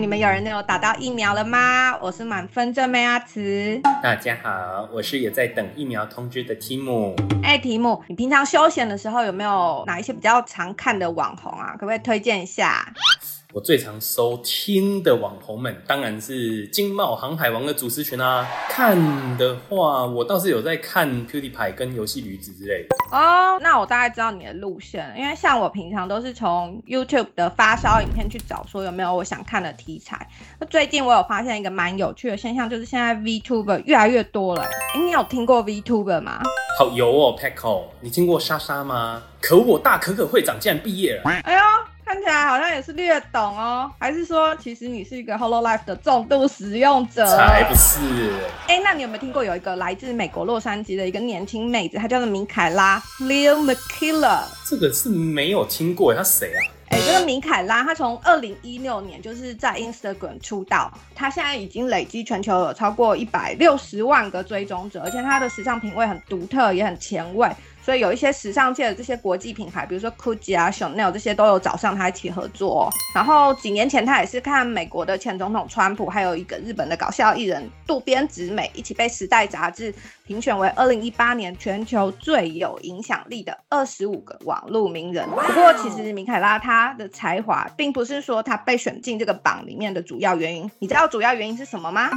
你們有人有打到疫苗了嗎？我是滿分正妹阿、啊、慈。大家好，我是也在等疫苗通知的 Tim。哎，Tim，、欸、你平常休閒的時候有沒有哪一些比較常看的網紅啊？可不可以推薦一下？我最常收聽的網紅們，當然是經貿航海王的主持群啊。看的話，我倒是有在看 PewDiePie 跟遊戲驢子之類的。哦，oh, 那我大概知道你的路線，因為像我平常都是從 YouTube 的發燒影片去找，說有沒有我想看的題材。那最近我有發現一個蠻有趣的現象，就是現在 V Tuber 越來越多了。欸、你有聽過 V Tuber 嗎？好、oh, 有哦，Pecco，你聽過鯊鯊嗎？可我大可可會長竟然畢業了。哎呀！看起來好像也是略懂哦，還是說其實你是一個 Hololive 的重度使用者？才不是！哎、欸，那你有沒有聽過有一個來自美國洛杉磯的一個年輕妹子，她叫做明凱拉 （Lil m c k e l l a 這個是沒有聽過，她誰啊？哎、欸，這個明凱拉，她從二零一六年就是在 Instagram 出道，她現在已經累積全球有超過一百六十萬個追蹤者，而且她的時尚品味很獨特，也很前衛。所以有一些時尚界的這些國際品牌，比如說 Gucci 啊、Chanel 這些都有找上他一起合作。然後幾年前他也是看美國的前總統川普，還有一個日本的搞笑藝人渡邊直美一起被《時代》雜誌評選為二零一八年全球最有影響力的二十五個網絡名人。不過，其實米凱拉她的才華，並不是說她被選進這個榜裡面的主要原因。你知道主要原因是什麼嗎？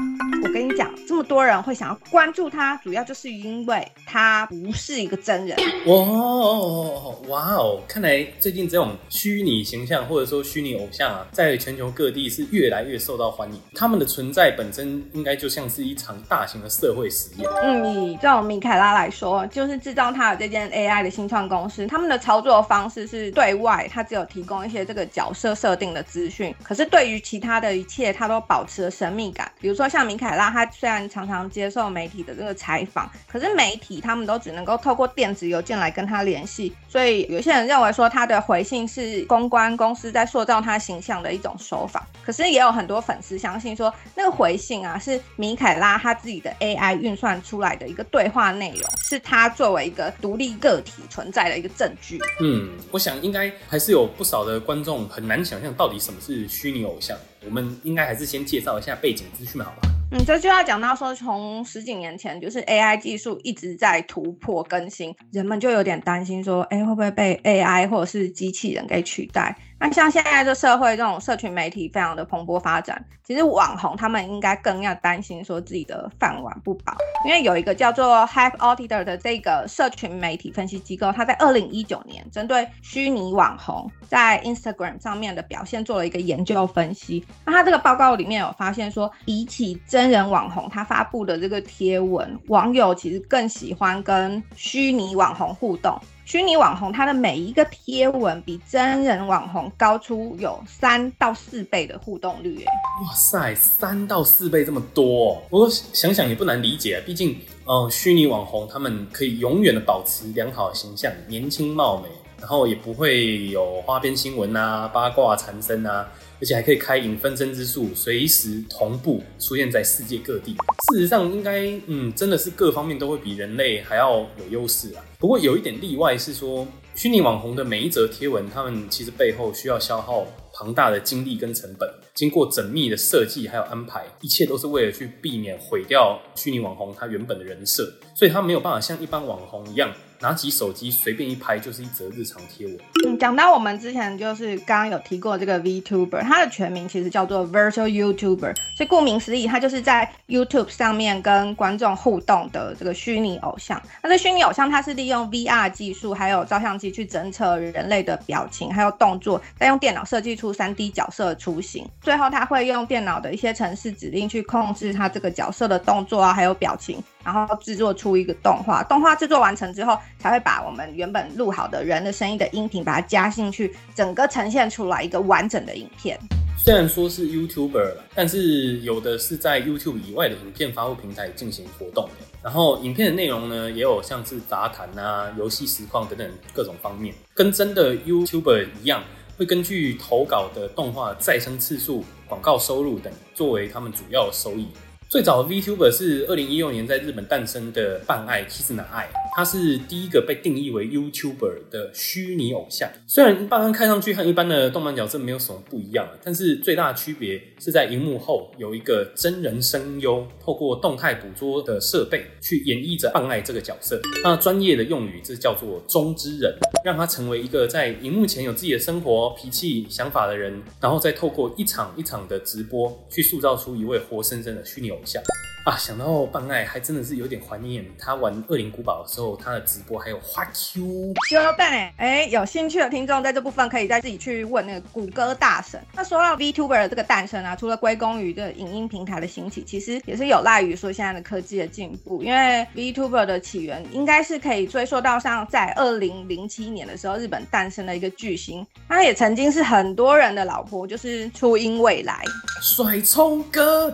我跟你講，這麼多人會想要關注她，主要就是因為她不是一個真人。哇哦，哇哦！看來最近這種虛擬形象或者說虛擬偶像啊，在全球各地是越來越受到歡迎。他們的存在本身，應該就像是一場大型的社會實驗。嗯。以這種米凱拉來說，就是製造他的這間 AI 的新創公司，他們的操作方式是對外，他只有提供一些這個角色設定的資訊，可是對於其他的一切，他都保持了神秘感。比如說像米凱拉，他雖然常常接受媒體的這個採訪，可是媒體他們都只能夠透過電子郵件來跟他聯繫，所以有些人認為說他的回信是公關公司在塑造他形象的一種手法，可是也有很多粉絲相信說那個回信啊是米凱拉他自己的 AI 運算出來的。一個對話內容是它作為一個獨立個體存在的一個證據。嗯，我想應該還是有不少的觀眾很難想象到底什麼是虛擬偶像。我們應該還是先介紹一下背景資訊好吧？嗯，這就要講到說，從十幾年前就是 AI 技術一直在突破更新，人們就有點擔心說，哎、欸，會不會被 AI 或者是機器人給取代？那像現在這社會，這種社群媒體非常的蓬勃發展。其實網紅他們應該更要擔心說自己的飯碗不保，因為有一個叫做 Hype Auditor 的這個社群媒體分析機構，它在二零一九年針對虛擬網紅在 Instagram 上面的表現做了一個研究分析。那它這個報告裡面有發現說，比起真人網紅，他發布的這個貼文，網友其實更喜歡跟虛擬網紅互動。虛擬網紅它的每一個貼文比真人網紅高出有三到四倍的互動率耶，哎，哇塞，三到四倍這麼多，哦，我想想也不難理解啊，畢竟，嗯、呃，虛擬網紅他們可以永遠的保持良好的形象，年輕貌美。然後也不會有花邊新聞啊、八卦纏身啊，而且還可以開影分身之術，隨時同步出現在世界各地。事實上，應該嗯，真的是各方面都會比人類還要有優勢啊。不過有一點例外是說，虛擬網紅的每一則貼文，它們其實背後需要消耗龐大的精力跟成本，經過縝密的設計還有安排，一切都是為了去避免毀掉虛擬網紅他原本的人設，所以他沒有辦法像一般網紅一樣拿起手機隨便一拍就是一則日常貼文。嗯，講到我們之前就是剛剛有提過這個 VTuber，它的全名其實叫做 Virtual YouTuber，所以顧名思義，它就是在 YouTube 上面跟觀眾互動的這個虛擬偶像。那這虛擬偶像它是利用 VR 技術，還有照相機去偵測人類的表情還有動作，再用電腦設計。出三 D 角色的雛形，最後他會用電腦的一些程式指令去控制他這個角色的動作啊，還有表情，然後製作出一個動畫。動畫製作完成之後，才會把我們原本錄好的人的聲音的音頻把它加進去，整個呈現出來一個完整的影片。雖然說是 YouTuber，但是有的是在 YouTube 以外的影片發布平台進行活動的。然後影片的內容呢，也有像是雜談啊、遊戲實況等等各種方面，跟真的 YouTuber 一樣。會根據投稿的動畫再生次數、廣告收入等作為他們主要的收益。最早的 Vtuber 是二零一六年在日本誕生的絆愛 Kizuna Ai。他是第一個被定義為 YouTuber 的虛擬偶像，雖然外觀看上去和一般的動漫角色沒有什麼不一樣，但是最大的區別是在螢幕後有一個真人聲優，透過動態捕捉的設備去演繹着絆愛這個角色。那專業的用語這叫做“中之人”，讓他成為一個在螢幕前有自己的生活、脾氣、想法的人，然後再透過一場一場的直播去塑造出一位活生生的虛擬偶像。啊，想到絆愛，還真的是有點懷念他玩惡靈古堡的時候，他的直播還有花 Q、雞蛋哎，哎，有興趣的聽眾在這部分可以再自己去問那個谷歌大神。那說到 VTuber 的這個誕生啊，除了歸功於這個影音平台的興起，其實也是有賴於說現在的科技的進步。因為 VTuber 的起源應該是可以追溯到像在二零零七年的時候，日本誕生了一個巨星，他也曾經是很多人的老婆，就是初音未來。甩蔥歌。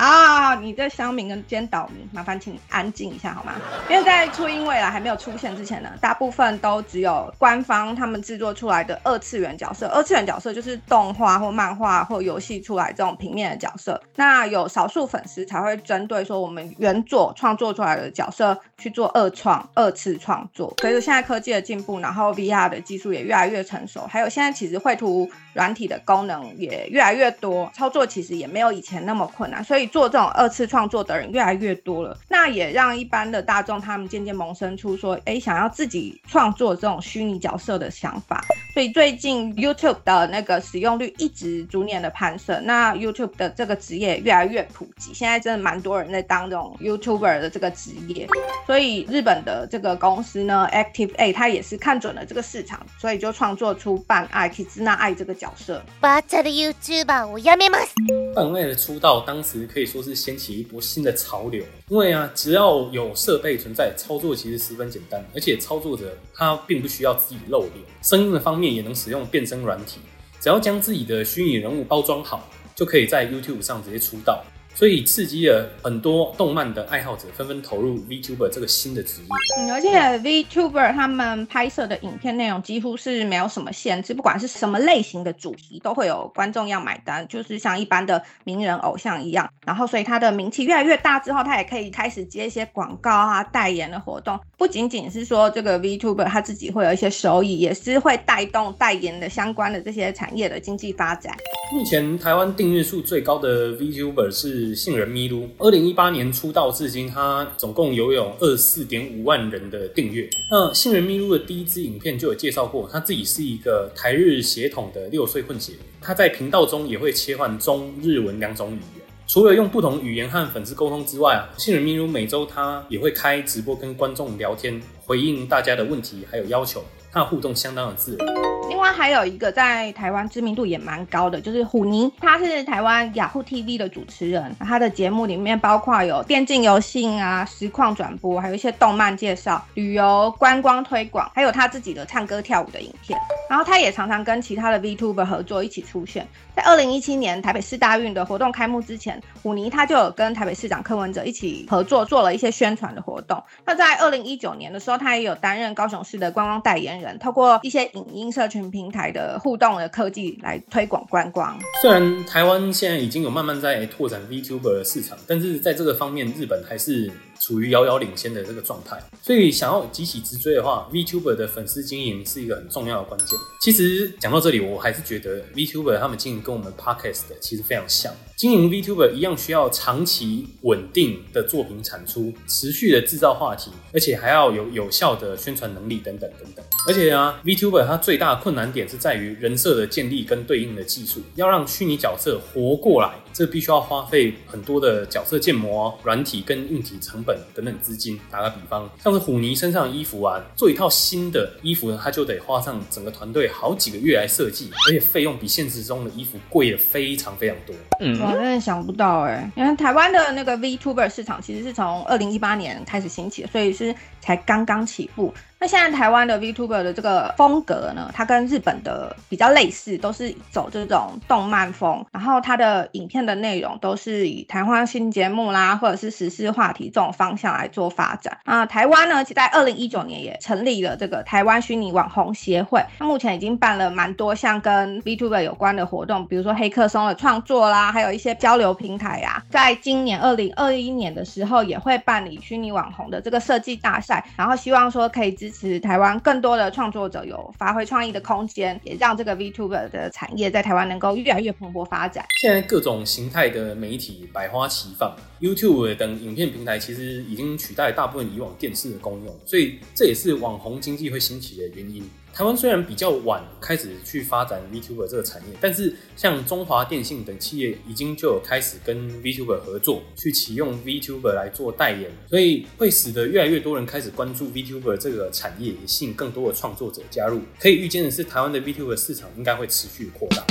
啊，你這鄉民跟尖島民，麻煩請安靜一下好嗎？因為在初音未來還沒有出現之前呢，大部分都只有官方他們制作出來的二次元角色。二次元角色就是動畫或漫畫或遊戲出來這種平面的角色。那有少數粉絲才會針對說我們原作創作出來的角色去做二創、二次創作。隨着現在科技的進步，然後 VR 的技術也越來越成熟，還有現在其實繪圖軟體的功能也越來越多，操作其實也沒有以前那麼困難，所以，做這種二次創作的人越來越多了，那也讓一般的大眾他們漸漸萌生出說，哎、欸，想要自己創作這種虛擬角色的想法。所以最近 YouTube 的那個使用率一直逐年的攀升，那 YouTube 的這個職業越來越普及，現在真的蠻多人在當這種 YouTuber 的這個職業。所以日本的這個公司呢，Active A 它也是看準了這個市場，所以就創作出絆愛 Kizuna Ai 這個角色。Butcher Youtuber 我絆愛的出道當時可以說是掀起一波新的潮流。因為啊，只要有設備存在，操作其實十分簡單，而且操作者他並不需要自己露臉，聲音的方面也能使用變聲軟體，只要將自己的虛擬人物包裝好，就可以在 YouTube 上直接出道。所以刺激了很多動漫的愛好者紛紛投入 VTuber 這個新的職業。嗯，而且 VTuber 他們拍攝的影片內容幾乎是沒有什麼限制，不管是什麼類型的主題都會有觀眾要買單，就是像一般的名人偶像一樣。然後，所以他的名氣越來越大之後，他也可以開始接一些廣告啊、代言的活動。不僅僅是說這個 VTuber 他自己會有一些收益，也是會帶動代言的相關的這些產業的經濟發展。目前台灣訂閱數最高的 VTuber 是。杏仁咪嚕，二零一八年出道至今，他總共擁有二四點五萬人的訂閱。那杏仁咪嚕的第一支影片就有介紹過，他自己是一個台日血統的六歲混血。他在頻道中也會切換中日文兩種語言，除了用不同語言和粉絲溝通之外，杏仁咪嚕每周他也會開直播跟觀眾聊天，回應大家的問題還有要求，他的互動相當的自然。另外還有一個在台灣知名度也蠻高的，就是虎妮，他是台灣 Yahoo TV 的主持人，他的節目裡面包括有電競遊戲啊、實況轉播，還有一些動漫介紹、旅遊觀光推廣，還有他自己的唱歌跳舞的影片。然後他也常常跟其他的 Vtuber 合作一起出現。在二零一七年台北市大運的活動開幕之前，虎妮他就有跟台北市長柯文哲一起合作做了一些宣傳的活動。那在二零一九年的時候，他也有擔任高雄市的觀光代言人，透過一些影音社群，平台的互動的科技來推廣觀光。雖然台灣現在已經有慢慢在拓展 Vtuber 的市場，但是在這個方面，日本還是處於遙遙領先的這個狀態。所以想要急起直追的話，Vtuber 的粉絲經營是一個很重要的關鍵。其實講到這裡，我還是覺得 Vtuber 他們經營跟我們 Podcast 的其實非常像。經營 Vtuber 一樣需要長期穩定的作品產出，持續的制造話題，而且還要有有效的宣傳能力等等等等。而且啊，Vtuber 它最大困難難點是在於人設的建立跟對應的技術，要讓虛擬角色活過來，這必須要花費很多的角色建模、軟體跟硬體成本等等資金。打個比方，像是虎妮身上的衣服啊，做一套新的衣服呢，他就得花上整個團隊好幾個月來設計，而且費用比現實中的衣服貴了非常非常多。嗯，我真的想不到哎、欸，因為台灣的那個 VTuber 市場其實是從二零一八年開始興起，的，所以是才剛剛起步。那現在台灣的 Vtuber 的這個風格呢，它跟日本的比較類似，都是走這種動漫風，然後它的影片的內容都是以談話性節目啦，或者是時事話題這種方向來做發展。啊，台灣呢，其實在二零一九年也成立了這個台灣虛擬網紅協會，目前已經辦了蠻多項跟 Vtuber 有關的活動，比如說黑客松的創作啦，還有一些交流平台呀、啊。在今年二零二一年的時候，也會辦理虛擬網紅的這個設計大賽，然後希望說可以支。支持臺灣更多的創作者有發揮創意的空間，也讓這個 Vtuber 的產業在臺灣能夠越來越蓬勃發展。現在各種形態的媒體百花齊放，YouTube 等影片平台其實已經取代大部分以往電視的功用，所以這也是網紅經濟會興起的原因。台灣雖然比較晚開始去發展 Vtuber 這個產業，但是像中華電信等企業已經就有開始跟 Vtuber 合作，去啟用 Vtuber 來做代言，所以會使得越來越多人開始關注 Vtuber 這個產業，也吸引更多的創作者加入。可以預見的是，台灣的 Vtuber 市場應該會持續擴大。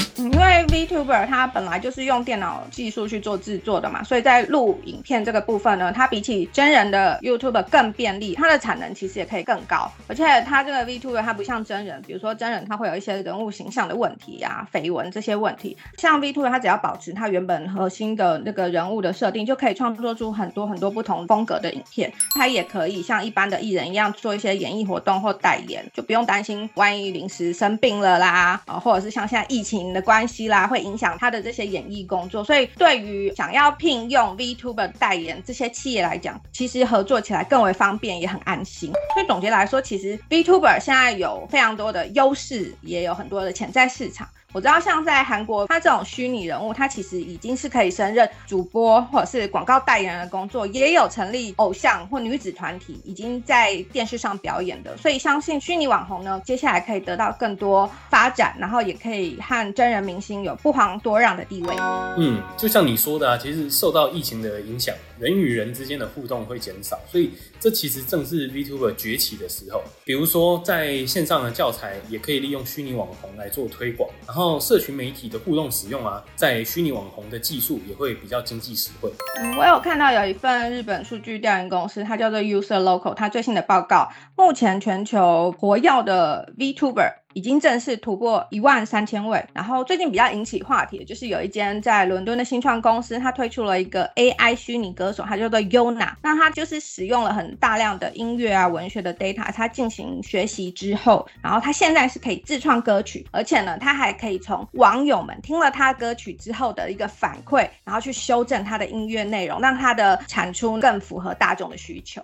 因為 Vtuber 他本來就是用電腦技術去做製作的嘛，所以在錄影片這個部分呢，它比起真人的 YouTuber 更便利，它的產能其實也可以更高。而且它這個 Vtuber 它不像真人，比如說真人他會有一些人物形象的問題呀、啊、緋聞這些問題。像 Vtuber 他只要保持他原本核心的那個人物的設定，就可以創作出很多很多不同風格的影片。他也可以像一般的藝人一樣做一些演藝活動或代言，就不用擔心萬一臨時生病了啦，啊，或者是像現在疫情的關係。來會影響他的這些演藝工作，所以對於想要聘用 VTuber 代言這些企業來講，其實合作起來更為方便，也很安心。所以總結來說，其實 VTuber 現在有非常多的優勢，也有很多的潛在市場。我知道，像在韓國，他這種虛擬人物，他其實已經是可以勝任主播或者是廣告代言人的工作，也有成立偶像或女子團體，已經在電視上表演的。所以，相信虛擬網紅呢，接下來可以得到更多發展，然後也可以和真人明星有不遑多讓的地位。嗯，就像你說的啊，其實受到疫情的影響。人與人之間的互動會減少，所以這其實正是 VTuber 崛起的時候。比如說，在線上的教材也可以利用虛擬網紅來做推廣，然後社群媒體的互動使用啊，在虛擬網紅的技術也會比較經濟實惠。嗯，我有看到有一份日本數據調研公司，它叫做 User Local，它最新的報告，目前全球活躍的 VTuber。已經正式突破一萬三千位。然後最近比較引起話題的就是有一間在倫敦的新創公司，它推出了一個 AI 虛擬歌手，它叫做 Yona。那它就是使用了很大量的音樂啊、文學的 data，它進行學習之後，然後它現在是可以自創歌曲，而且呢，它還可以從網友們聽了它歌曲之後的一個反饋，然後去修正它的音樂內容，讓它的產出更符合大眾的需求。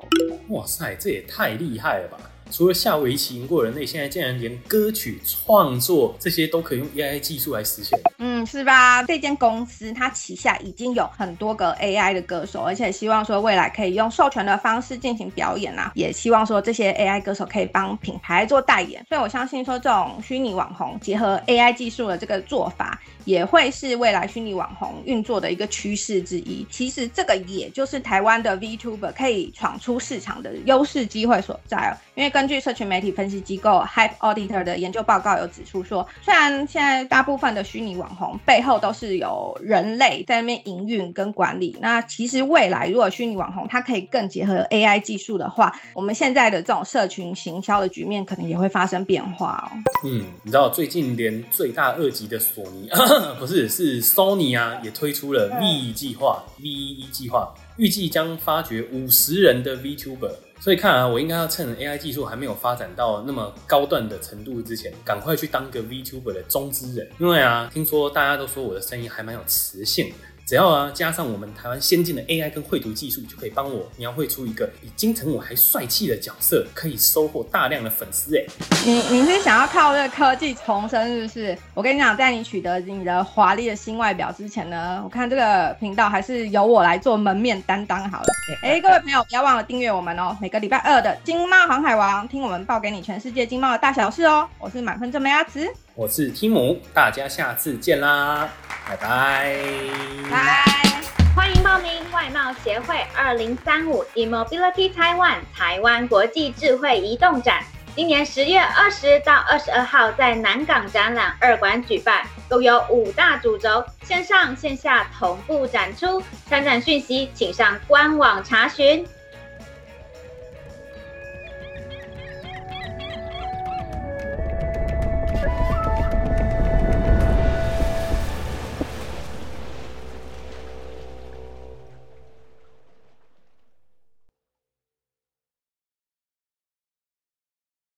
哇塞，這也太厲害了吧！除了下圍棋贏過人類，現在竟然連歌曲創作這些都可以用 AI 技術來實現。嗯，是吧？這間公司它旗下已經有很多個 AI 的歌手，而且希望說未來可以用授權的方式進行表演啊，也希望說這些 AI 歌手可以幫品牌做代言。所以我相信說這種虛擬網紅結合 AI 技術的這個做法，也會是未來虛擬網紅運作的一個趨勢之一。其實這個也就是台灣的 Vtuber 可以闖出市場的優勢機會所在哦、喔。因為根據社群媒體分析機構 Hype Auditor 的研究報告有指出說，雖然現在大部分的虛擬網紅背後都是有人類在那邊營運跟管理，那其實未來如果虛擬網紅它可以更結合 AI 技術的話，我們現在的這種社群行銷的局面可能也會發生變化哦、喔。嗯，你知道最近連罪大惡極的索尼。 嗯、不是，是 Sony 啊，也推出了 V 計劃，V1 計劃預計將發掘五十人的 Vtuber，所以看來、啊、我應該要趁 AI 技術還沒有發展到那麼高段的程度之前，趕快去當個 Vtuber 的中之人，因為啊，聽說大家都說我的聲音還蠻有磁性的。只要啊，加上我們台灣先進的 AI 跟繪圖技術，就可以幫我描繪出一個比金城武還帥氣的角色，可以收穫大量的粉絲哎、欸。你你是想要靠這個科技重生，是不是？我跟你講，在你取得你的華麗的新外表之前呢，我看這個頻道還是由我來做門面擔當好了。哎，各位朋友不要忘了訂閱我們哦、喔，每個禮拜二的經貿航海王，聽我們報給你全世界經貿的大小事哦、喔。我是滿分正美阿慈。我是 Tim，大家下次見啦，拜拜！拜 Bye，歡迎報名外貿協會二零三五 Immobility Taiwan 台灣國際智慧移動展，今年十月二十到二十二號在南港展覽二館舉辦，共有五大主軸，線上線下同步展出，參展訊息請上官網查詢。